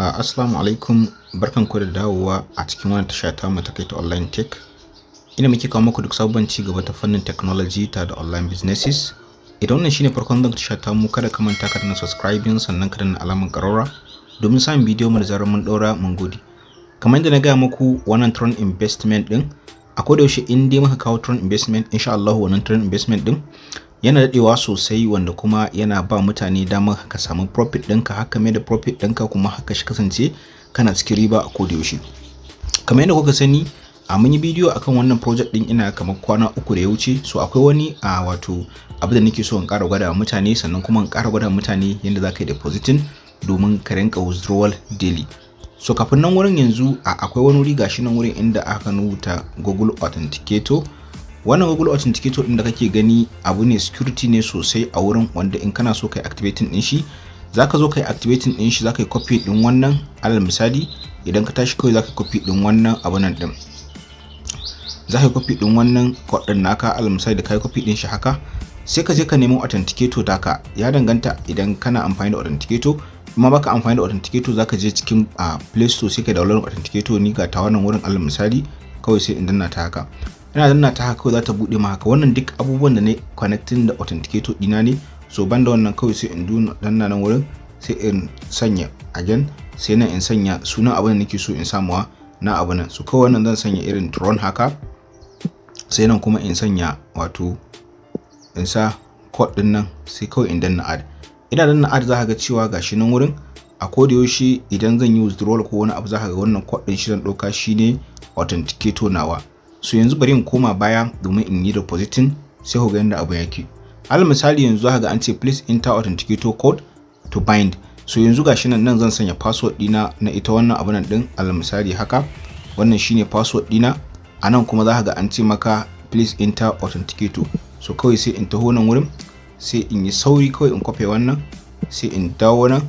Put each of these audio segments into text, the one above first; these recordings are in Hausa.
Assalamu alaikum barkan ku da dawowa a cikin wani tasha ta mu ta kaita online tech ina muke kawo muku duk sabon ci gaba ta fannin technology ta da online businesses idan wannan shine farkon zan tasha ta mu kada ka manta ka na subscribing sannan ka na alamar karora domin samun bidiyo mu da zarar mun daura mun gode kamar yadda na gaya muku wannan tron investment din a da yaushe in dai muka kawo trend investment insha Allah wannan trend investment din yana daɗewa sosai wanda kuma yana ba mutane damar ka samu profit ɗinka haka mai da profit ɗinka kuma haka shi kasance kana cikin riba a koda yaushe kamar yadda kuka sani a mun yi bidiyo akan wannan project ɗin ina kamar kwana uku da ya wuce so akwai wani a wato abu da nake so in ƙara gwada mutane sannan kuma in ƙara gwada mutane yadda za ka yi depositin domin ka rinka withdrawal daily so kafin nan wurin yanzu akwai wani wuri gashi nan wurin inda aka nuta google authenticator wannan google authenticator din da kake gani abu ne security ne sosai a wurin wanda in kana so kai activating din shi zaka zo kai activating din shi zaka yi copy din wannan alal misali idan ka tashi kawai zaka copy din wannan abu nan din zaka yi copy din wannan code din naka alal misali da kai copy din shi haka sai ka je ka nemo authenticator taka ya danganta idan kana amfani da authenticator kuma baka amfani da authenticator zaka je cikin a ah, play store sai ka download authenticator ni ga ta wannan wurin alal misali kawai sai in danna ta haka ina danna ta haka kawai za ta buɗe ma haka wannan duk abubuwan da ne connecting da authenticator ɗina ne so banda wannan kawai sai in danna nan wurin sai in sanya again sai nan in sanya sunan abin da nake so in samuwa na abu nan so kawai wannan zan sanya irin tron haka sai nan kuma in sanya wato in sa code din nan sai kawai in danna add ina danna add za ka ga cewa gashi nan wurin a koda yaushe idan zan yi withdrawal ko wani abu za ka ga wannan code din shi zan ɗauka shine authenticator nawa su yanzu bari in koma baya domin in yi depositing sai ku ga yadda abu yake al misali yanzu haka an ce please enter authenticator code to bind so yanzu gashi nan nan zan sanya password dina na ita wannan abu nan din al misali haka wannan shine password dina a nan kuma za ga an ce maka please enter authenticator so kawai sai in taho nan wurin sai in yi sauri kawai in kwafe wannan sai in dawo nan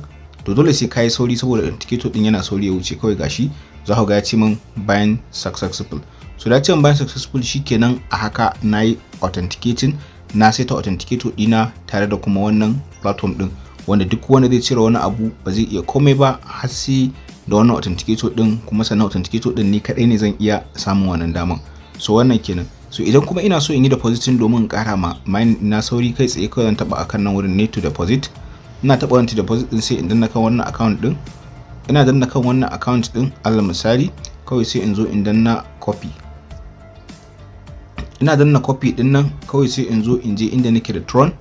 to dole sai kayi sauri saboda authenticator din yana sauri ya wuce kawai gashi za ga ya ce min bayan successful so da ce bayan successful shikenan a haka na yi authenticating na saita authenticator dina tare da kuma wannan platform din wanda duk wanda zai cire wani abu ba zai iya komai ba har sai da wannan authenticator din kuma sannan authenticator din ni kadai ne zan iya samun wannan daman so wannan kenan so idan kuma ina so in yi depositing domin in kara ma mine na sauri kai tsaye kawai zan taba akan nan wurin need to deposit ina taba wannan deposit din sai in danna kan wannan account din ina danna kan wannan account din allah misali kawai sai in zo in danna copy ina danna copy din nan kawai sai in zo in je inda nake da tron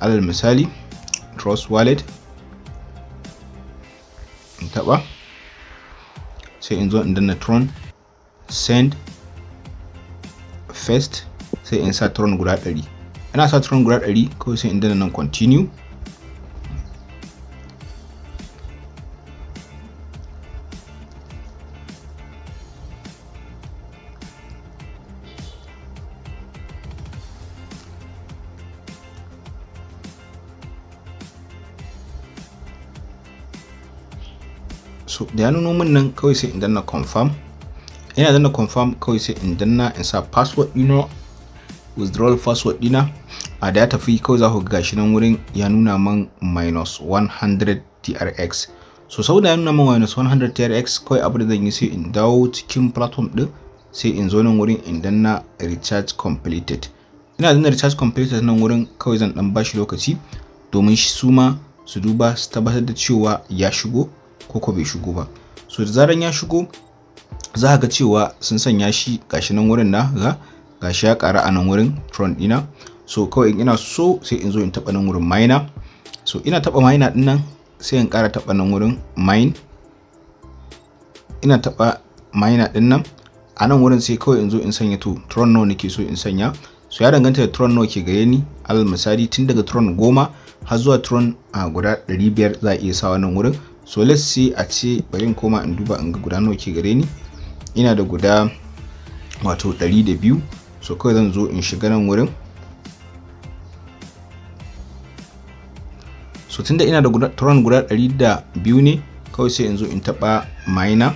alal misali trust wallet in taba sai in zo in danna tron send first sai in sa tron guda 100 ina sa tron guda 100 kawai sai in danna nan continue so da ya nuno min nan kawai sai in danna confirm ina danna confirm kawai sai in danna in sa password ɗina withdrawal password ɗina a da ya tafi kawai za ku ga gashi nan wurin ya nuna man minus 100 trx so sau da ya nuna man minus 100 trx kawai abu da zan yi sai in dawo cikin platform din sai in zo nan wurin in danna recharge completed ina danna recharge completed nan wurin kawai zan dan bashi lokaci domin su ma su duba su tabbatar da cewa ya shigo koko bai shigo ba so da zaran ya shigo za ga cewa sun sanya shi gashi nan wurin na ga gashi ya kara a nan wurin tron ina so kawai in ina so sai in zo in taɓa nan wurin minor so ina taɓa minor din nan sai in ƙara taɓa nan wurin mine ina taɓa minor din nan a nan wurin sai kawai in zo in sanya to tron nawa nake so in sanya so ya danganta da tron nawa ke gare ni alal misali tun daga tron goma har zuwa tron a ah, guda 500 za a iya sawa nan wurin so let's see a ce bari in koma in duba in ga guda nawa ke gare ni ina da guda wato 102 so kawai zan zo in shiga nan wurin so tunda ina da tron guda 102 ne kawai sai in zo in taba minor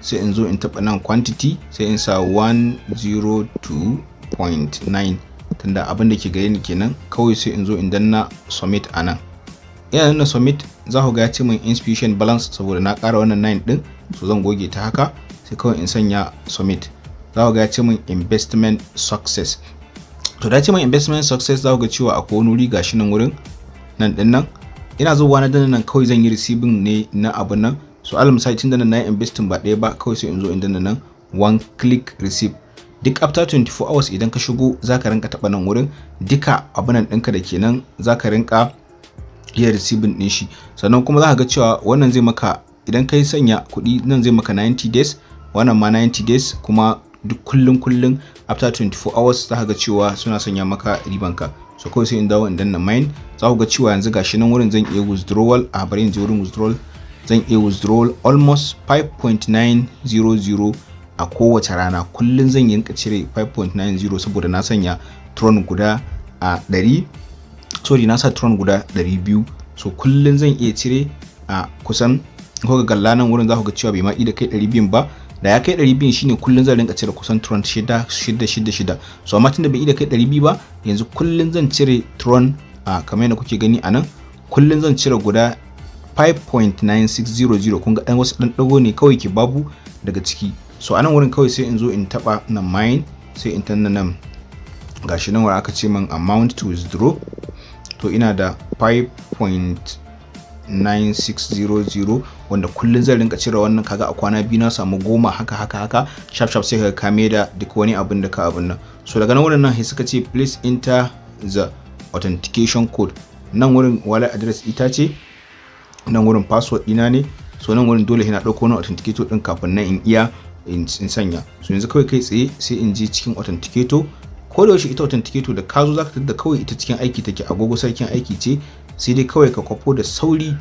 sai in zo in taba nan quantity sai in sa 102.9 tunda abin da ke gare ni kenan kawai sai in zo in danna submit a nan ina danna submit za ku ga ya ce min insufficient balance saboda na kara wannan 9 din so zan goge ta haka sai kawai in sanya submit za ku ga ya ce min investment success to da ce min investment success za ku ga cewa akwai wani wuri gashi nan wurin nan din nan ina zuwa na danna nan kawai zan yi receiving ne na abun nan so alal misali tun da na yi investing ba ɗaya ba kawai sai in zo in danna nan one click receive duk after 24 hours idan ka shigo za ka rinka taɓa nan wurin duka abunan ɗinka da kenan za ka rinka iya receiving din shi sannan kuma za ka ga cewa wannan zai maka idan kai sanya kudi nan zai maka 90 days wannan ma 90 days kuma duk kullum kullum after 24 hours za ka ga cewa suna sanya maka ribanka so kawai sai in dawo in danna mine za ku ga cewa yanzu gashi nan wurin zan iya withdrawal a bari yanzu wurin withdrawal zan iya withdrawal almost 5.900 a kowace rana kullum zan yanka cire 5.90 saboda na sanya tron guda a 100 sorry na sa tron guda 200 so kullun zan iya cire a kusan ko ga galla nan wurin za ku ga cewa bai ma da kai 200 ba da ya kai 200 shine kullun zan rinka cire kusan tron 6 6 so amma tunda bai ida kai 200 ba yanzu kullun zan cire tron a kamar yadda kuke gani a nan kullun zan cire guda 5.9600 kun ga dan wasu dan dago ne kawai ke babu daga ciki so anan wurin kawai sai in zo in taba nan mine sai in tanna nan gashi nan wani aka ce min amount to withdraw to ina da 5.9600 wanda kullum zan rinka cire wannan kaga a kwana biyu na samu goma haka haka haka sharp sharp sai ka kame da duk wani abin da ka abin nan so daga nan wurin nan sai suka ce please enter the authentication code nan wurin wallet address ita ce nan wurin password ɗina ne so nan wurin dole na ɗauko wani authenticator ɗin kafin nan in iya in sanya so yanzu kawai kai tsaye sai in je cikin authenticator ko da yaushe ita tiketo da kazo zo zaka tada kawai ita cikin aiki take agogo sarkin aiki ce sai dai kawai ka kwafo da sauri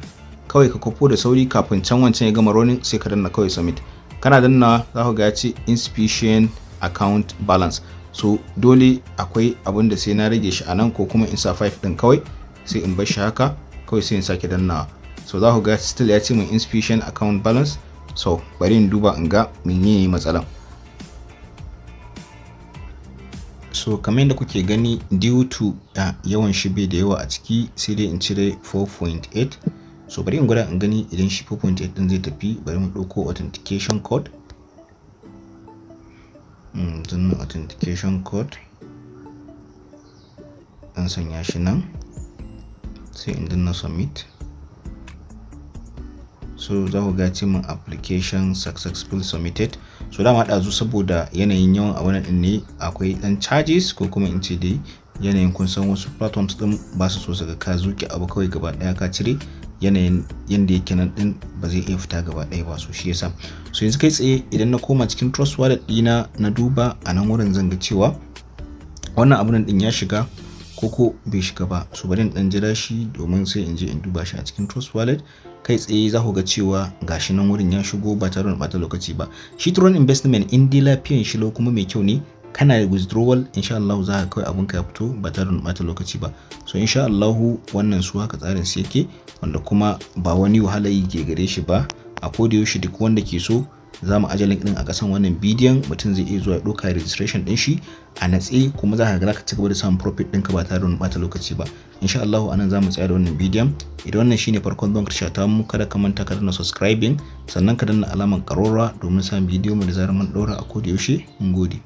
kawai ka kwafo da sauri kafin can wancan ya gama running sai ka danna kawai submit kana danna za ka ga ya ce inspection account balance so dole akwai abin da sai na rage shi a nan ko kuma in sa 5 din kawai sai in bar shi haka kawai sai in sake dannawa so za ku ga still ya ce min inspection account balance so bari in duba in ga menene matsalan so kamar yadda kuke gani due to uh, yawan shi bai da yawa a ciki sai dai in cire 4.8 so bari in gwada in gani idan shi 4.8 din zai tafi bari mu ɗauko authentication code mm, zannan authentication code an sanya shi nan sai in danna submit so za ku ga cimin application successful submitted so dama zu saboda yanayin yawan a wani ne akwai dan charges ko kuma in ce dai yanayin kun san wasu platforms din ba su so su ga ka zuke abu kawai gaba daya ka cire yanayin yanda yake nan ɗin ba zai iya fita gaba daya ba so shi yasa so yanzu kai tsaye idan na koma cikin trust wallet dina na duba a nan wurin zan ga cewa wannan abunan din ya shiga ko ko bai shiga ba so bari in dan jira shi domin sai in je in duba shi a cikin trust wallet kai tsaye za ku ga cewa gashi nan wurin ya shigo ba tare da bata lokaci ba shi turon investment in dai lafiyan shi kuma mai kyau ne kana da withdrawal insha Allah za ka abun ka ya fito ba tare da bata lokaci ba so insha Allah wannan su haka tsarin su yake wanda kuma ba wani wahala ke gare shi ba a koda yaushe duk wanda ke so za mu aje link din a kasan wannan bidiyon mutum zai iya zuwa ya ɗauka registration din shi a natse kuma za ka ga ka cigaba da samun profit ka ba tare da wani ɓata lokaci ba insha Allah anan za mu tsaya da wannan bidiyon idan wannan shine farkon zuwan karshe ta mu kada ka manta ka danna subscribing sannan ka danna alamar karora domin samun bidiyon mu da zarar mun ɗora a koda yaushe mun gode